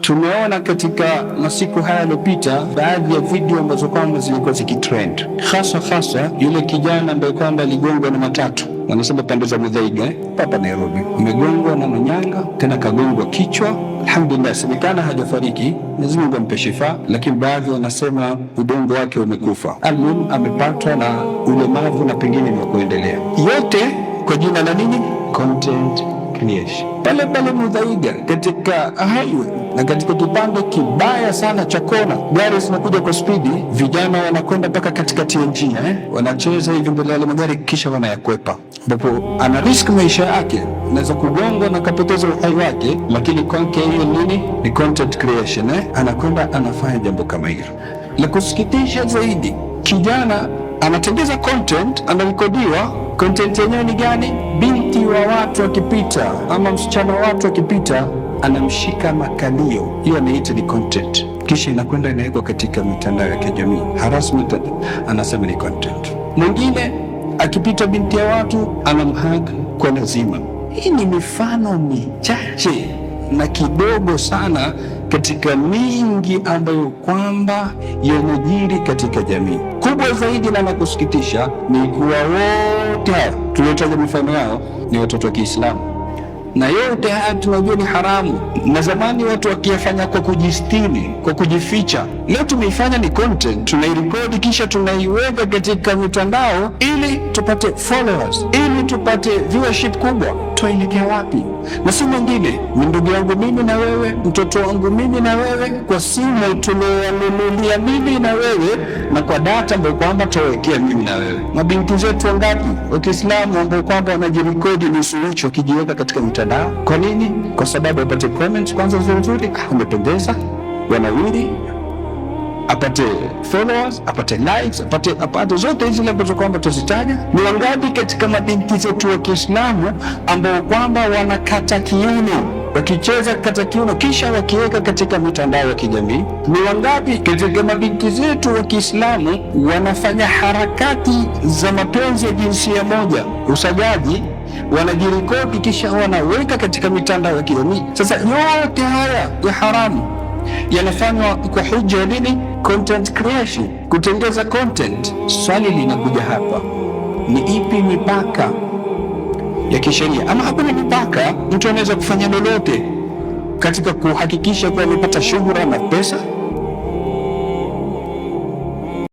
Tumeona katika masiku haya yaliyopita baadhi ya video ambazo kwamba zilikuwa zikitrend, hasa hasa yule kijana ambaye kwamba aligongwa na matatu, wanasema pande za Mudhaiga hapa Nairobi, amegongwa na manyanga, tena kagongwa kichwa. Alhamdulillah, semekana hajafariki, lazima Mungu ampe shifa, lakini baadhi wanasema udongo wake umekufa, almuhimu amepatwa na ulemavu na pengine ni kuendelea yote kwa jina la nini, content Agniesz pale pale mudhaiga katika highway na katika kipande kibaya sana cha kona, gari zinakuja kwa spidi, vijana wanakwenda mpaka katikati ya njia eh, wanacheza hivyo mbele yale magari, kisha wanayakwepa, ambapo ana risk maisha yake, anaweza kugongwa na kapoteza uhai wake, lakini kwake hiyo nini ni content creation eh, anakwenda anafanya jambo kama hilo. La kusikitisha zaidi kijana anatengeza content, anarekodiwa. Content yenyewe ni gani? Binti wa watu akipita, ama msichana wa watu akipita, anamshika makalio, hiyo anaita ni content, kisha inakwenda inawekwa katika mitandao ya kijamii. Harassment anasema ni content. Mwingine akipita binti ya watu anamhag kwa lazima. Hii ni mifano michache na kidogo sana katika mingi ambayo kwamba yanajiri katika jamii. Kubwa zaidi na la kusikitisha ni kuwa wote haya tuliotaja mifano yao ni watoto wa Kiislamu, na yote haya tunajua ni haramu, na zamani watu wakiyafanya kwa kujistiri, kwa kujificha. Leo tumeifanya ni content, tunairekodi kisha tunaiweka katika mitandao ili tupate followers, ili tupate viewership kubwa. Twaelekea wapi? Na si mwingine ni ndugu yangu mimi na wewe, mtoto wangu mimi na wewe, kwa simu tunaowanunulia mimi na wewe, na kwa data ambayo kwamba tawekea mimi na wewe. Mabinti zetu wangapi wa Kiislamu ambao kwamba wanajirekodi nusu hicho wakijiweka katika mitandao? Kwa nini? Kwa sababu wapate comments kwanza nzuri nzuri, umependeza, ah, wanawiri apate followers, apate likes, apate, apate zote hizi ambazo kwamba tuzitaja. Ni wangapi katika mabinti zetu wa Kiislamu ambao kwamba wanakata kiuno wakicheza kata kiuno kisha wakiweka katika mitandao ya kijamii? Ni wangapi katika mabinti zetu wa Kiislamu wanafanya harakati za mapenzi ya jinsia moja, usagaji, wanajirekodi kisha wanaweka katika mitandao ya kijamii? Sasa yote haya ya haramu yanafanywa kwa hija ya nini? Content creation, kutengeza content. Swali linakuja hapa, ni ipi mipaka ya kisheria? Ama hakuna mipaka, mtu anaweza kufanya lolote katika kuhakikisha kuwa amepata shuhura na pesa